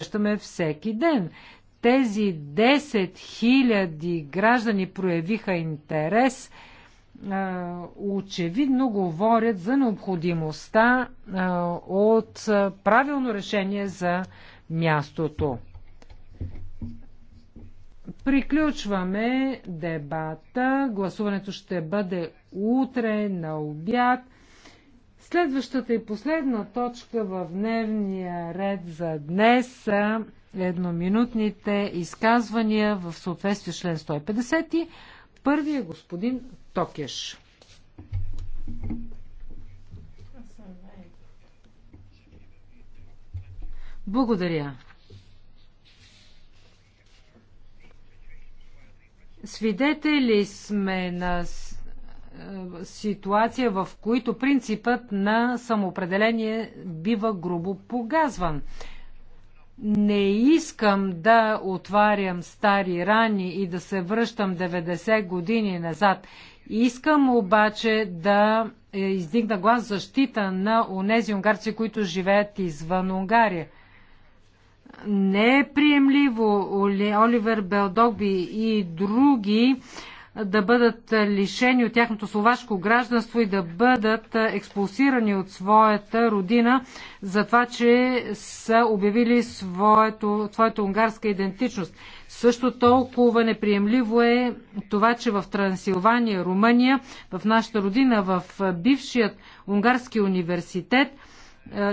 срещаме всеки ден. Тези 10 000 граждани проявиха интерес, очевидно говорят за необходимостта от правилно решение за мястото. Приключваме дебата. Гласуването ще бъде утре на обяд. Следващата и последна точка в дневния ред за днес са едноминутните изказвания в съответствие с член 150. Първият е господин Токеш. Благодаря. Свидетели сме на е, ситуация, в които принципът на самоопределение бива грубо погазван. Не искам да отварям стари рани и да се връщам 90 години назад. Искам обаче да е, издигна глас защита на онези унгарци, които живеят извън Унгария. Не е приемливо Оливер Белдогби и други да бъдат лишени от тяхното словашко гражданство и да бъдат експулсирани от своята родина за това, че са обявили своето, своята унгарска идентичност. Също толкова неприемливо е това, че в Трансилвания, Румъния, в нашата родина, в бившият унгарски университет,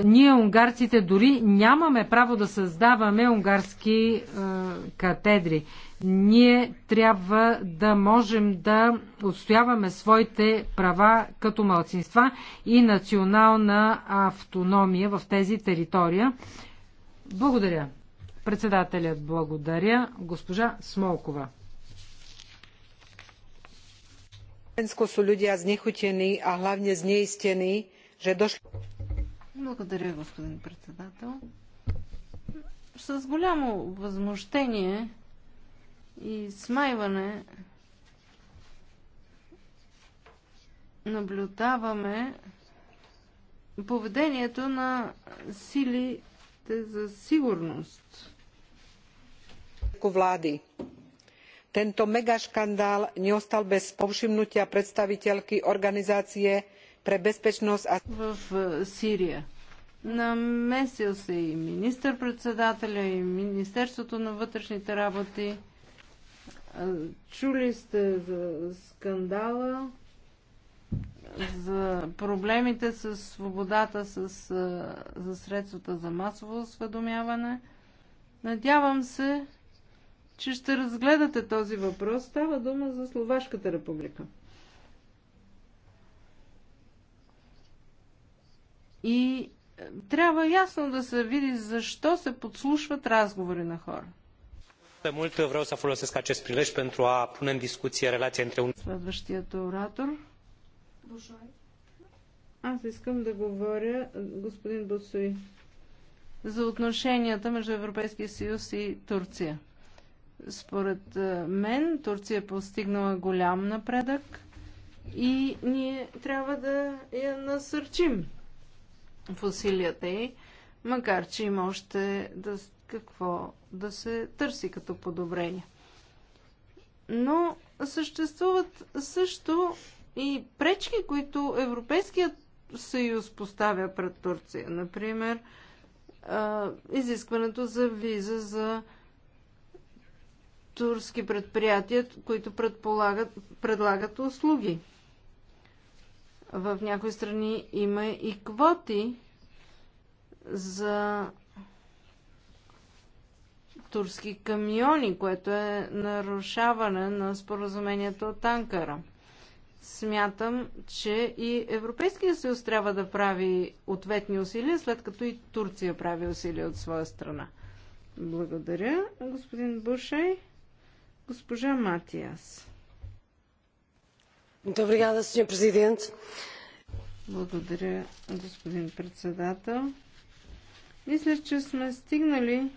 ние, унгарците, дори нямаме право да създаваме унгарски е, катедри. Ние трябва да можем да отстояваме своите права като малцинства и национална автономия в тези територия. Благодаря. Председателят благодаря. Госпожа Смолкова. Благодаря, господин председател. С голямо възмущение и смайване наблюдаваме поведението на силите за сигурност. Влади. Tento megaškandál neostal bez povšimnutia predstaviteľky organizácie pre bezpečnosť a... v Сирия. Намесил се и министър-председателя, и Министерството на вътрешните работи. Чули сте за скандала, за проблемите с свободата с, за средствата за масово осведомяване. Надявам се, че ще разгледате този въпрос. Става дума за Словашката република. И е, трябва ясно да се види защо се подслушват разговори на хора vreau să folosesc acest prilej pentru a pune în discuție relația între Следващият оратор. Аз искам да говоря, е, господин Босуи, за отношенията между Европейския съюз и Турция. Според е, мен Турция е постигнала голям напредък и ние трябва да я насърчим в усилията й, макар че има още да какво да се търси като подобрение. Но съществуват също и пречки, които Европейският съюз поставя пред Турция. Например, изискването за виза за турски предприятия, които предполагат, предлагат услуги. В някои страни има и квоти за турски камиони, което е нарушаване на споразумението от Анкара. Смятам, че и Европейския съюз трябва да прави ответни усилия, след като и Турция прави усилия от своя страна. Благодаря, господин Бушей. Госпожа Матиас. Добре, господин президент. Благодаря, господин председател. Мисля, че сме стигнали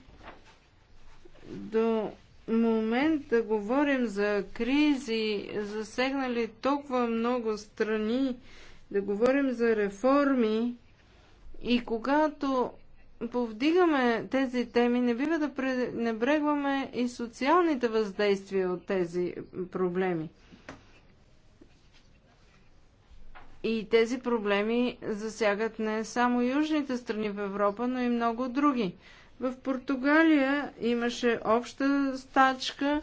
до момента говорим за кризи, засегнали толкова много страни, да говорим за реформи и когато повдигаме тези теми, не бива да пренебрегваме и социалните въздействия от тези проблеми. И тези проблеми засягат не само южните страни в Европа, но и много други. В Португалия имаше обща стачка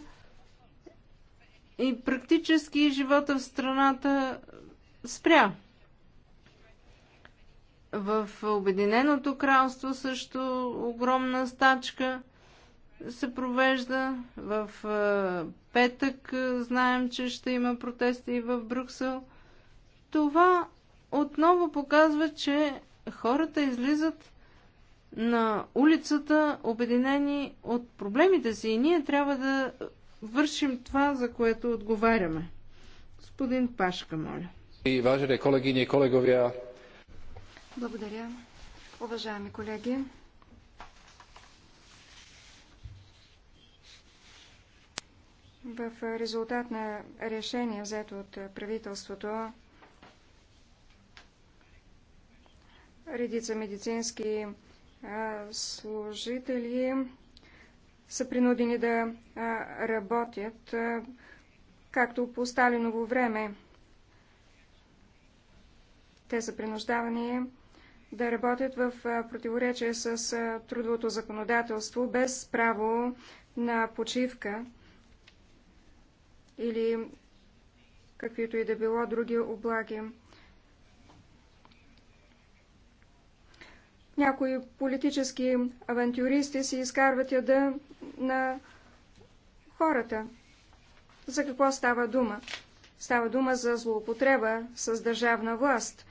и практически живота в страната спря. В Обединеното кралство също огромна стачка се провежда. В е, петък е, знаем, че ще има протести и в Брюксел. Това отново показва, че хората излизат на улицата, обединени от проблемите си. И ние трябва да вършим това, за което отговаряме. Господин Пашка, моля. И важене колеги и колеговия. Благодаря. Уважаеми колеги, в резултат на решение, взето от правителството, редица медицински служители са принудени да работят, както по Сталиново време. Те са принуждавани да работят в противоречие с трудовото законодателство, без право на почивка или каквито и да било други облаги. Някои политически авантюристи си изкарват яда на хората. За какво става дума? Става дума за злоупотреба с държавна власт.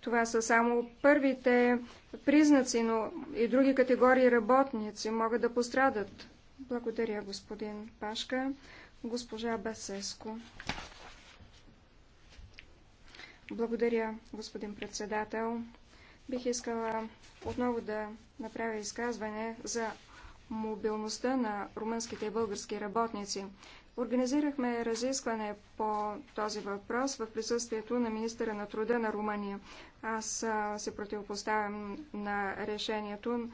Това са само първите признаци, но и други категории работници могат да пострадат. Благодаря, господин Пашка. Госпожа Басеско. Благодаря, господин председател. Бих искала отново да направя изказване за мобилността на румънските и български работници. Организирахме разискване по този въпрос в присъствието на министъра на труда на Румъния. Аз се противопоставям на решението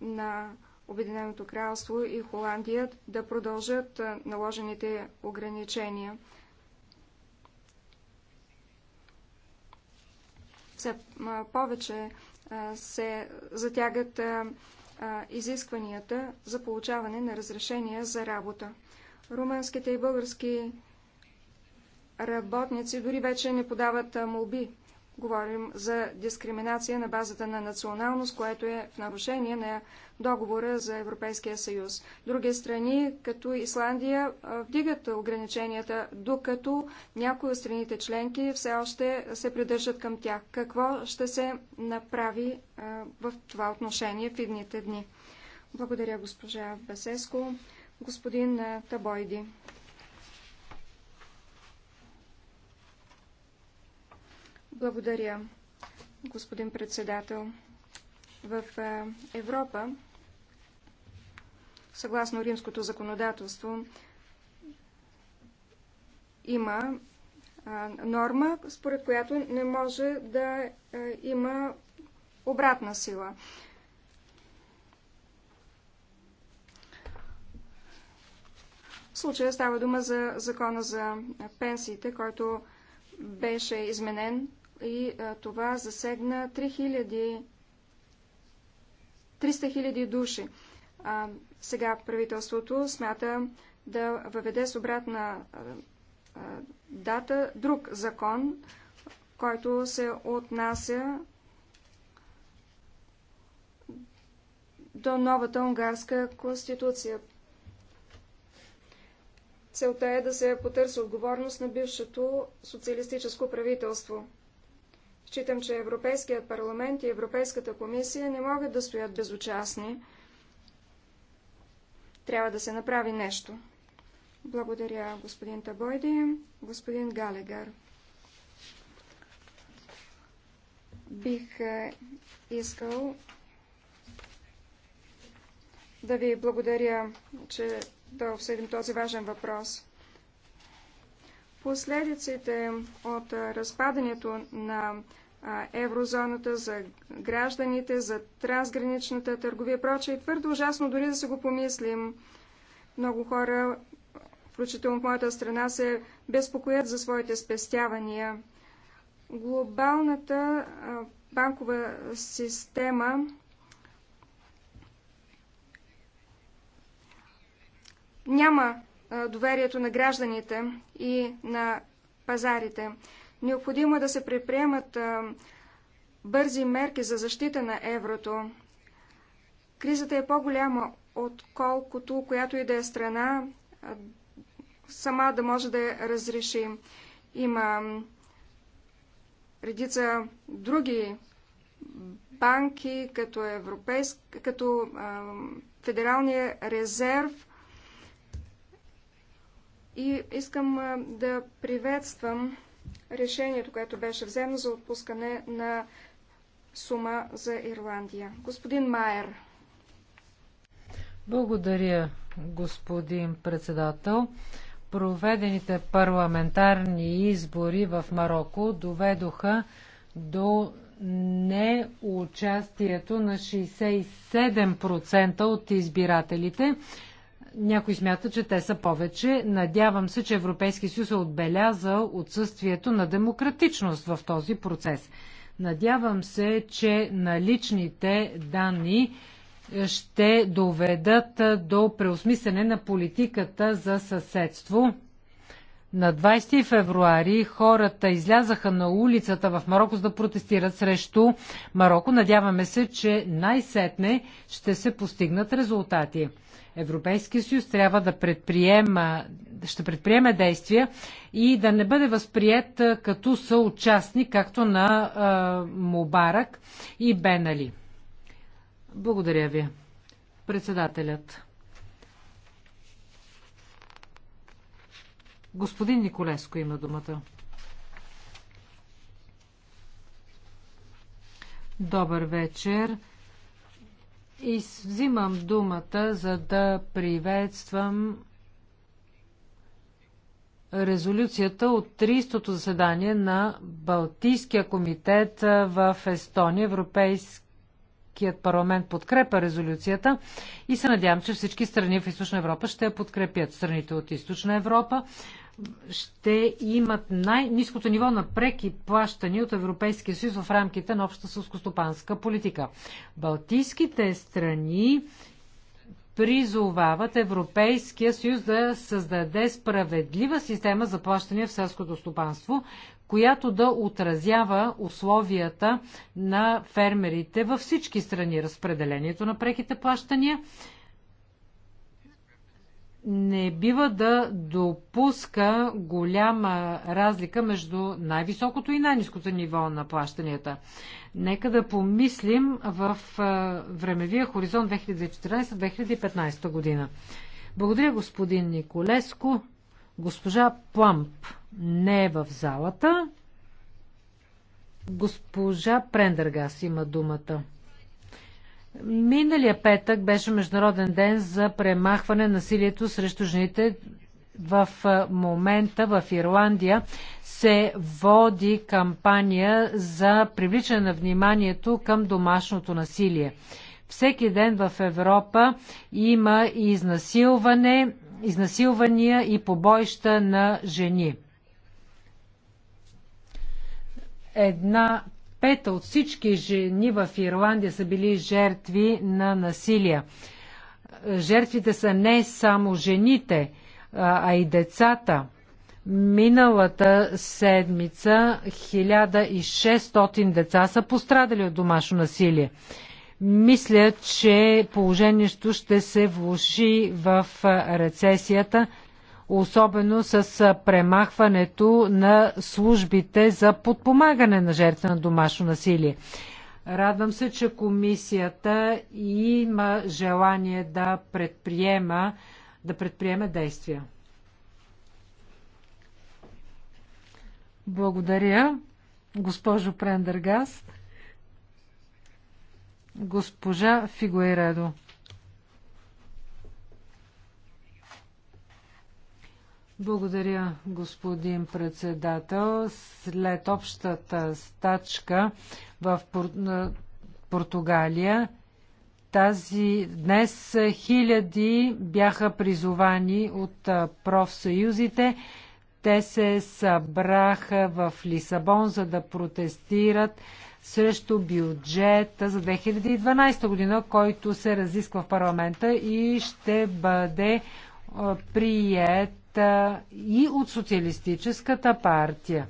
на Обединеното кралство и Холандия да продължат наложените ограничения. все повече се затягат изискванията за получаване на разрешения за работа. Румънските и български работници дори вече не подават молби Говорим за дискриминация на базата на националност, което е в нарушение на договора за Европейския съюз. Други страни, като Исландия, вдигат ограниченията, докато някои от страните членки все още се придържат към тях. Какво ще се направи в това отношение в едните дни? Благодаря, госпожа Басеско. Господин Табойди. Благодаря, господин председател. В Европа, съгласно римското законодателство, има норма, според която не може да има обратна сила. В случая става дума за закона за пенсиите, който беше изменен и а, това засегна 3000, 300 хиляди души. А, сега правителството смята да въведе с обратна а, а, дата друг закон, който се отнася до новата унгарска конституция. Целта е да се потърси отговорност на бившето социалистическо правителство. Считам, че Европейският парламент и Европейската комисия не могат да стоят безучастни. Трябва да се направи нещо. Благодаря, господин Табойди. Господин Галегар. Бих е, искал да ви благодаря, че да обсъдим този важен въпрос. Последиците от разпадането на еврозоната за гражданите, за трансграничната търговия и прочее твърдо ужасно дори да се го помислим. Много хора, включително в моята страна, се безпокоят за своите спестявания. Глобалната банкова система няма доверието на гражданите и на пазарите. Необходимо е да се предприемат бързи мерки за защита на еврото. Кризата е по-голяма, отколкото която и да е страна сама да може да я разреши. Има редица други банки, като, европейск, като Федералния резерв, и искам да приветствам решението, което беше взено за отпускане на сума за Ирландия. Господин Майер. Благодаря, господин председател. Проведените парламентарни избори в Марокко доведоха до неучастието на 67% от избирателите, някои смятат, че те са повече. Надявам се, че Европейски съюз е отбелязал отсъствието на демократичност в този процес. Надявам се, че наличните данни е, ще доведат е, до преосмислене на политиката за съседство на 20 февруари хората излязаха на улицата в Марокко за да протестират срещу Марокко. Надяваме се, че най-сетне ще се постигнат резултати. Европейския съюз трябва да предприема, ще предприеме действия и да не бъде възприят като съучастник, както на а, Мубарак и Бенали. Благодаря ви. Председателят. Господин Николеско има думата. Добър вечер. И взимам думата, за да приветствам резолюцията от 30-то заседание на Балтийския комитет в Естония, Европейски Европейският парламент подкрепа резолюцията и се надявам, че всички страни в Източна Европа ще я подкрепят. Страните от Източна Европа ще имат най-низкото ниво на преки плащани от Европейския съюз в рамките на общата сълскостопанска политика. Балтийските страни призовават Европейския съюз да създаде справедлива система за плащане в селското стопанство, която да отразява условията на фермерите във всички страни, разпределението на преките плащания не бива да допуска голяма разлика между най-високото и най-низкото ниво на плащанията. Нека да помислим в времевия хоризонт 2014-2015 година. Благодаря господин Николеско. Госпожа Пламп не е в залата. Госпожа Прендергас има думата. Миналия петък беше Международен ден за премахване на насилието срещу жените. В момента в Ирландия се води кампания за привличане на вниманието към домашното насилие. Всеки ден в Европа има изнасилване, изнасилвания и побоища на жени. Една пета от всички жени в Ирландия са били жертви на насилие. Жертвите са не само жените, а и децата. Миналата седмица 1600 деца са пострадали от домашно насилие. Мисля, че положението ще се влуши в рецесията особено с премахването на службите за подпомагане на жертва на домашно насилие. Радвам се, че комисията има желание да предприема, да предприеме действия. Благодаря, госпожо Прендергаст. Госпожа Фигуередо. Благодаря, господин председател. След общата стачка в Португалия, тази днес хиляди бяха призовани от профсъюзите. Те се събраха в Лисабон, за да протестират срещу бюджета за 2012 година, който се разисква в парламента и ще бъде прият и от Социалистическата партия.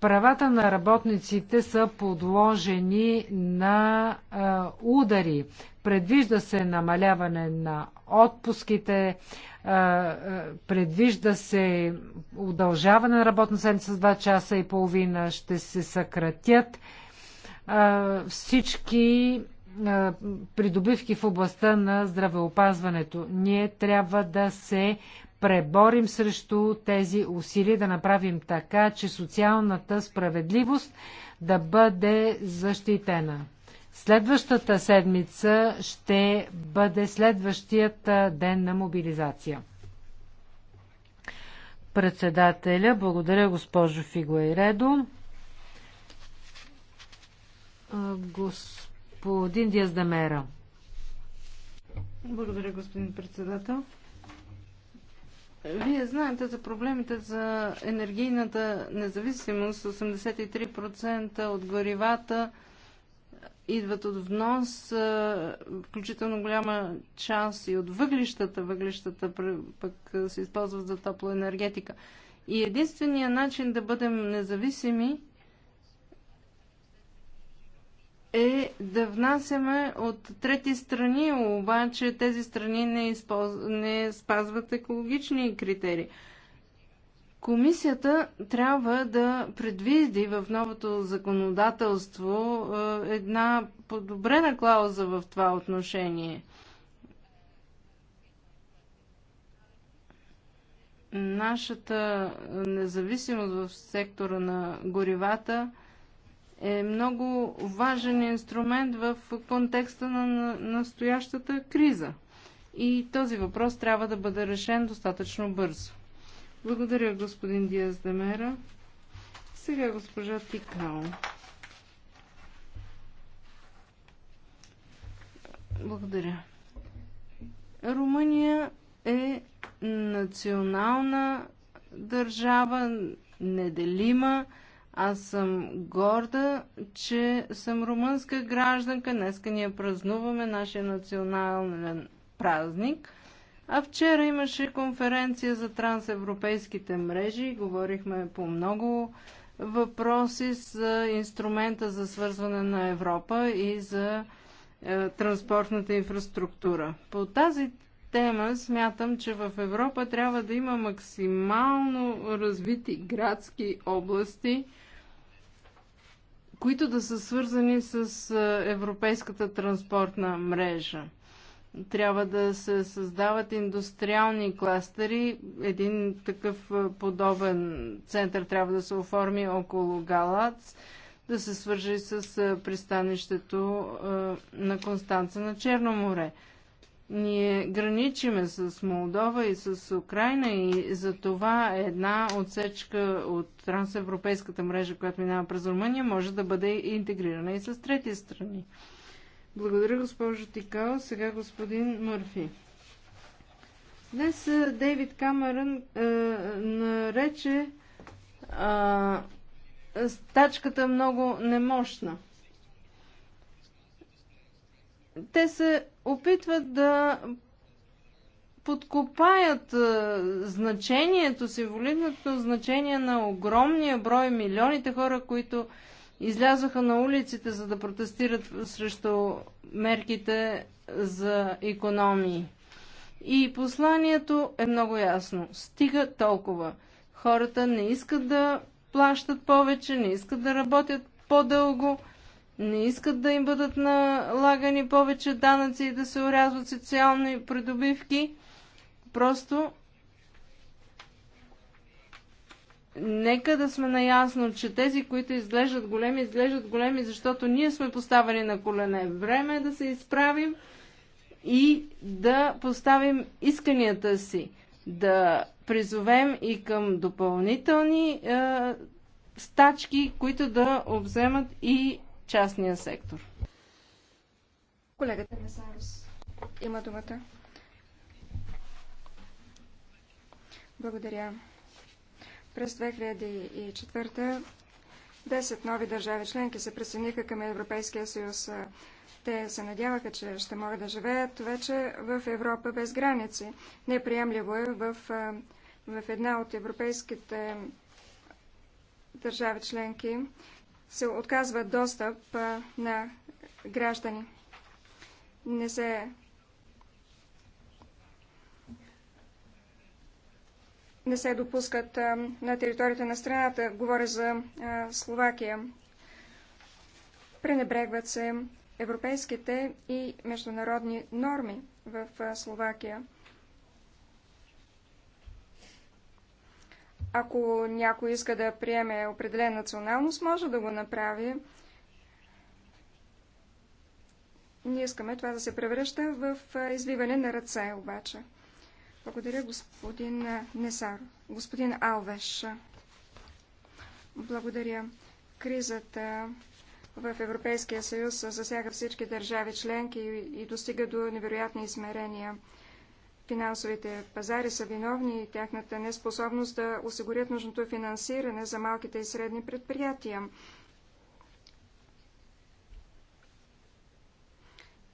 Правата на работниците са подложени на а, удари. Предвижда се намаляване на отпуските, а, а, предвижда се удължаване на работна седмица с 2 часа и половина, ще се съкратят а, всички придобивки в областта на здравеопазването. Ние трябва да се преборим срещу тези усилия, да направим така, че социалната справедливост да бъде защитена. Следващата седмица ще бъде следващият ден на мобилизация. Председателя, благодаря госпожо Фигуайредо. Госп господин Диаздамера. Благодаря, господин председател. Вие знаете за проблемите за енергийната независимост. 83% от горивата идват от внос, включително голяма част и от въглищата. Въглищата пък се използват за топлоенергетика. И единствения начин да бъдем независими е да внасяме от трети страни, обаче тези страни не, използ... не спазват екологични критерии. Комисията трябва да предвиди в новото законодателство е, една подобрена клауза в това отношение. Нашата независимост в сектора на горивата – е много важен инструмент в контекста на настоящата криза. И този въпрос трябва да бъде решен достатъчно бързо. Благодаря, господин Диас Демера. Сега госпожа Тикао. Благодаря. Румъния е национална държава, неделима аз съм горда, че съм румънска гражданка. Днеска ние празнуваме нашия национален празник. А вчера имаше конференция за трансевропейските мрежи. Говорихме по много въпроси за инструмента за свързване на Европа и за е, транспортната инфраструктура. По тази тема смятам, че в Европа трябва да има максимално развити градски области, които да са свързани с европейската транспортна мрежа. Трябва да се създават индустриални кластери. Един такъв подобен център трябва да се оформи около Галац, да се свържи с пристанището на Констанца на Черно море ние граничиме с Молдова и с Украина и за това една отсечка от трансевропейската мрежа, която минава през Румъния, може да бъде интегрирана и с трети страни. Благодаря, госпожо Тикао. Сега господин Мърфи. Днес е, Дейвид Камерън е, нарече е, стачката много немощна те се опитват да подкопаят значението, символичното значение на огромния брой, милионите хора, които излязоха на улиците, за да протестират срещу мерките за економии. И посланието е много ясно. Стига толкова. Хората не искат да плащат повече, не искат да работят по-дълго не искат да им бъдат налагани повече данъци и да се урязват социални придобивки. Просто нека да сме наясно, че тези, които изглеждат големи, изглеждат големи, защото ние сме поставени на колене. Време е да се изправим и да поставим исканията си, да призовем и към допълнителни е, стачки, които да обземат и частния сектор. Колегата Месарус има думата. Благодаря. През 2004 10 нови държави членки се присъединиха към Европейския съюз. Те се надяваха, че ще могат да живеят вече в Европа без граници. Неприемливо е в, в една от европейските държави членки се отказва достъп на граждани. Не се не се допускат на територията на страната. Говоря за Словакия. Пренебрегват се европейските и международни норми в Словакия. Ако някой иска да приеме определен националност, може да го направи. Ние искаме това да се превръща в извиване на ръце, обаче. Благодаря, господин Несар. Господин Алвеш. Благодаря. Кризата в Европейския съюз засяга всички държави членки и достига до невероятни измерения финансовите пазари са виновни и тяхната неспособност да осигурят нужното финансиране за малките и средни предприятия.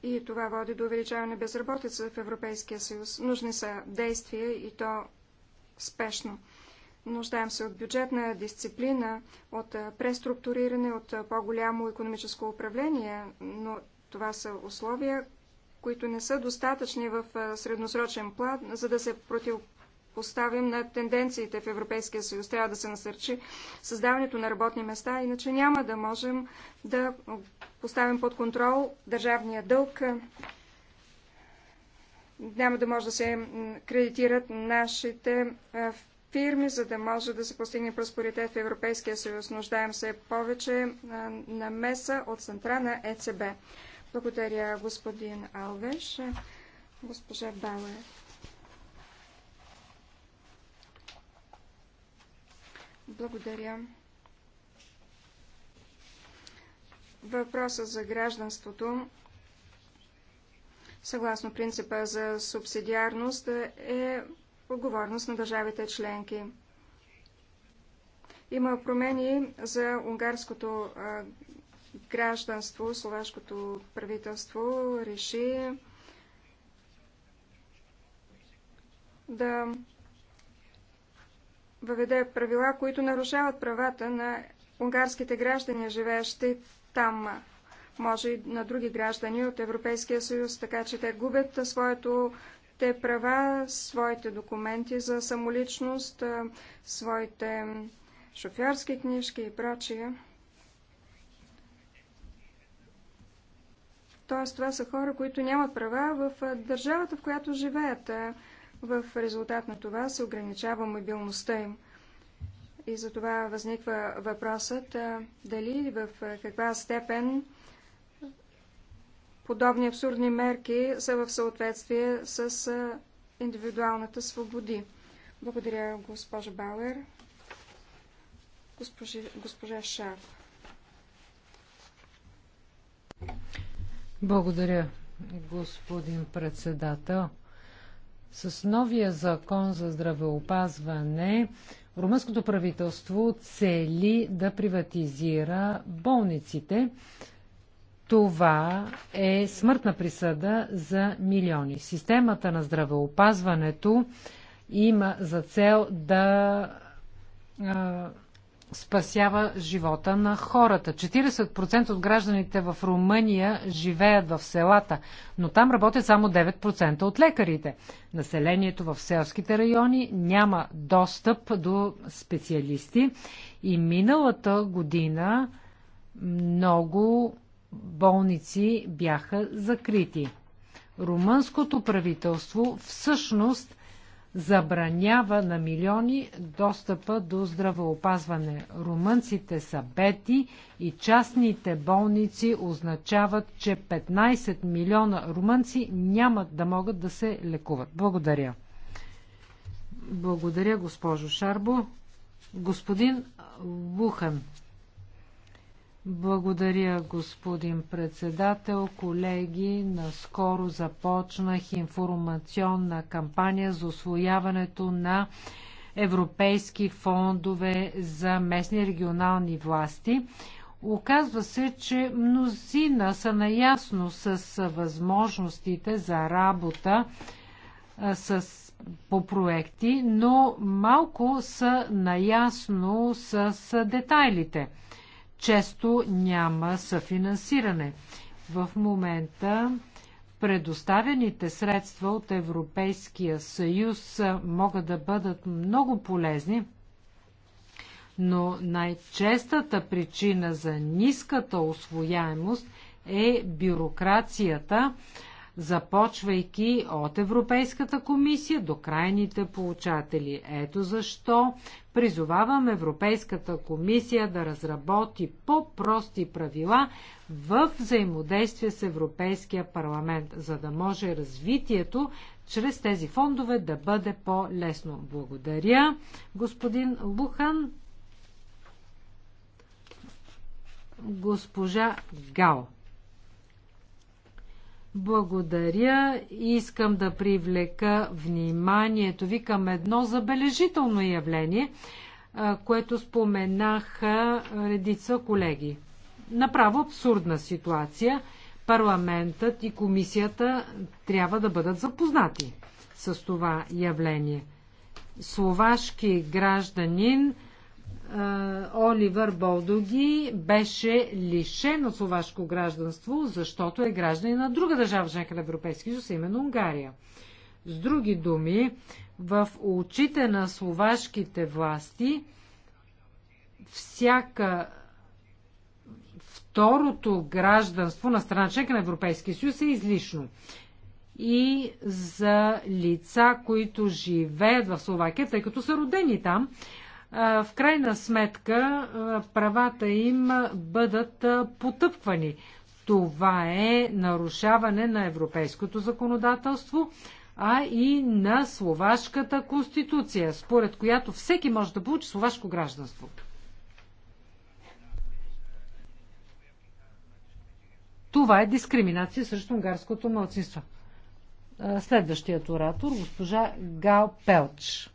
И това води до увеличаване безработица в Европейския съюз. Нужни са действия и то спешно. Нуждаем се от бюджетна дисциплина, от преструктуриране, от по-голямо економическо управление, но това са условия, които не са достатъчни в средносрочен план, за да се противопоставим на тенденциите в Европейския съюз. Трябва да се насърчи създаването на работни места, иначе няма да можем да поставим под контрол държавния дълг, няма да може да се кредитират нашите фирми, за да може да се постигне проспоритет в Европейския съюз. Нуждаем се повече намеса от центра на ЕЦБ. Благодаря, господин Алвеш. Госпожа Бауер. Благодаря. Въпроса за гражданството съгласно принципа за субсидиарност е отговорност на държавите членки. Има промени за унгарското гражданство, словашкото правителство реши да въведе правила, които нарушават правата на унгарските граждани, живеещи там, може и на други граждани от Европейския съюз, така че те губят своето те права, своите документи за самоличност, своите шофьорски книжки и прочие. Тоест, това са хора, които нямат права в държавата, в която живеят. В резултат на това се ограничава мобилността им. И за това възниква въпросът дали в каква степен подобни абсурдни мерки са в съответствие с индивидуалната свободи. Благодаря, госпожа Бауер. Госпожи, госпожа Шарф. Благодаря, господин председател. С новия закон за здравеопазване румънското правителство цели да приватизира болниците. Това е смъртна присъда за милиони. Системата на здравеопазването има за цел да спасява живота на хората. 40% от гражданите в Румъния живеят в селата, но там работят само 9% от лекарите. Населението в селските райони няма достъп до специалисти и миналата година много болници бяха закрити. Румънското правителство всъщност забранява на милиони достъпа до здравеопазване. Румънците са бети и частните болници означават, че 15 милиона румънци нямат да могат да се лекуват. Благодаря. Благодаря, госпожо Шарбо. Господин Вухан. Благодаря, господин председател. Колеги, наскоро започнах информационна кампания за освояването на европейски фондове за местни регионални власти. Оказва се, че мнозина са наясно с възможностите за работа с, по проекти, но малко са наясно с детайлите често няма съфинансиране. В момента предоставените средства от Европейския съюз могат да бъдат много полезни, но най-честата причина за ниската освояемост е бюрокрацията, започвайки от Европейската комисия до крайните получатели. Ето защо призовавам Европейската комисия да разработи по-прости правила в взаимодействие с Европейския парламент, за да може развитието чрез тези фондове да бъде по-лесно. Благодаря, господин Лухан. Госпожа Гао. Благодаря. Искам да привлека вниманието ви към едно забележително явление, което споменаха редица колеги. Направо абсурдна ситуация. Парламентът и комисията трябва да бъдат запознати с това явление. Словашки гражданин Оливър Болдоги беше лишен от словашко гражданство, защото е гражданин на друга държава, членка на Европейския съюз, именно Унгария. С други думи, в очите на словашките власти всяка второто гражданство на страна членка на Европейския съюз е излишно. И за лица, които живеят в Словакия, тъй като са родени там, в крайна сметка правата им бъдат потъпквани. Това е нарушаване на европейското законодателство, а и на словашката конституция, според която всеки може да получи словашко гражданство. Това е дискриминация срещу унгарското младсинство. Следващият оратор, госпожа Гал Пелч.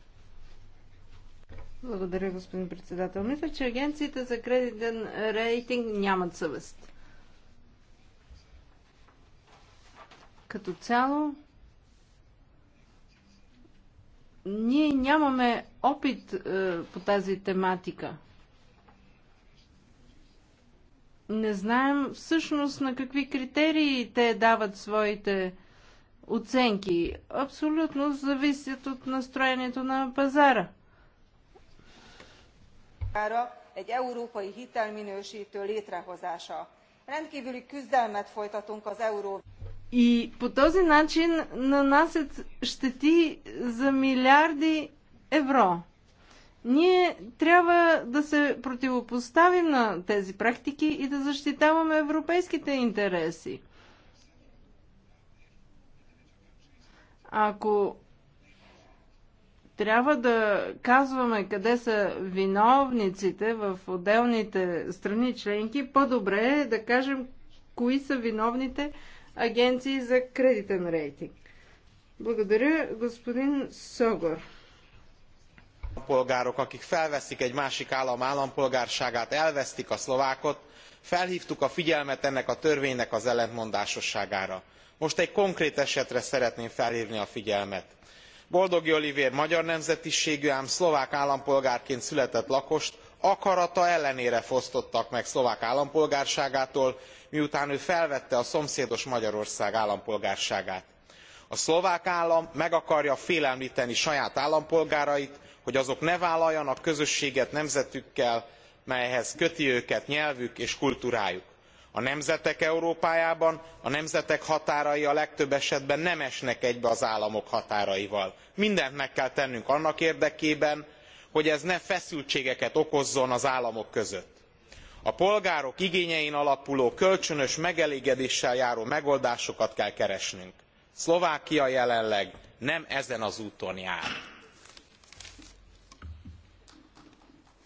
Благодаря, господин председател. Мисля, че агенциите за кредитен рейтинг нямат съвест. Като цяло, ние нямаме опит е, по тази тематика. Не знаем всъщност на какви критерии те дават своите оценки. Абсолютно зависят от настроението на пазара – számára egy európai hitelminőstő létrehozása. rendkvüli küzdelmet folytatunk az euró. И по този начин нанасят щети за милиарди евро. Ние трябва да се противопоставим на тези практики и да защитаваме европейските интереси. Ако трябва да казваме къде са виновниците в отделните страни членки, по-добре е да кажем кои са виновните агенции за кредитен рейтинг. Благодаря, господин Согор. Polgárok, akik felveszik egy másik állam állampolgárságát, elvesztik a szlovákot, felhívtuk a figyelmet ennek a törvénynek az ellentmondásosságára. Most egy konkrét esetre szeretném felhívni a figyelmet boldogi olivér magyar nemzetiségű ám szlovák állampolgárként született lakost akarata ellenére fosztottak meg szlovák állampolgárságától miután ő felvette a szomszédos magyarország állampolgárságát. a szlovák állam meg akarja félemlteni saját állampolgárait hogy azok ne vállaljanak közösséget nemzetükkel melyhez köti őket nyelvük és kultúrájuk a nemzetek európájában a nemzetek határai a legtöbb esetben nem esnek egybe az államok határaival. mindent meg kell tennünk annak érdekében hogy ez ne feszültségeket okozzon az államok között. a polgárok igényein alapuló kölcsönös megelégedéssel járó megoldásokat kell keresnünk. szlovákia jelenleg nem ezen az úton jár.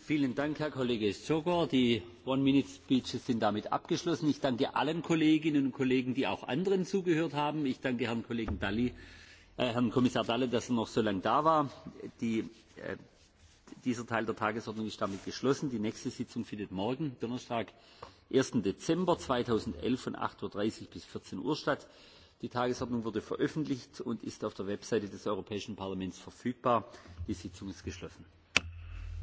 Vielen Dank, Herr Kollege Sogor. Die One-Minute-Speeches sind damit abgeschlossen. Ich danke allen Kolleginnen und Kollegen, die auch anderen zugehört haben. Ich danke Herrn Kollegen Dalli, Herrn Kommissar Dalli, dass er noch so lange da war. dieser Teil der Tagesordnung ist damit geschlossen. Die nächste Sitzung findet morgen, Donnerstag, 1. Dezember 2011 von acht Uhr bis vierzehn Uhr statt. Die Tagesordnung wurde veröffentlicht und ist auf der Webseite des Europäischen Parlaments verfügbar. Die Sitzung ist geschlossen.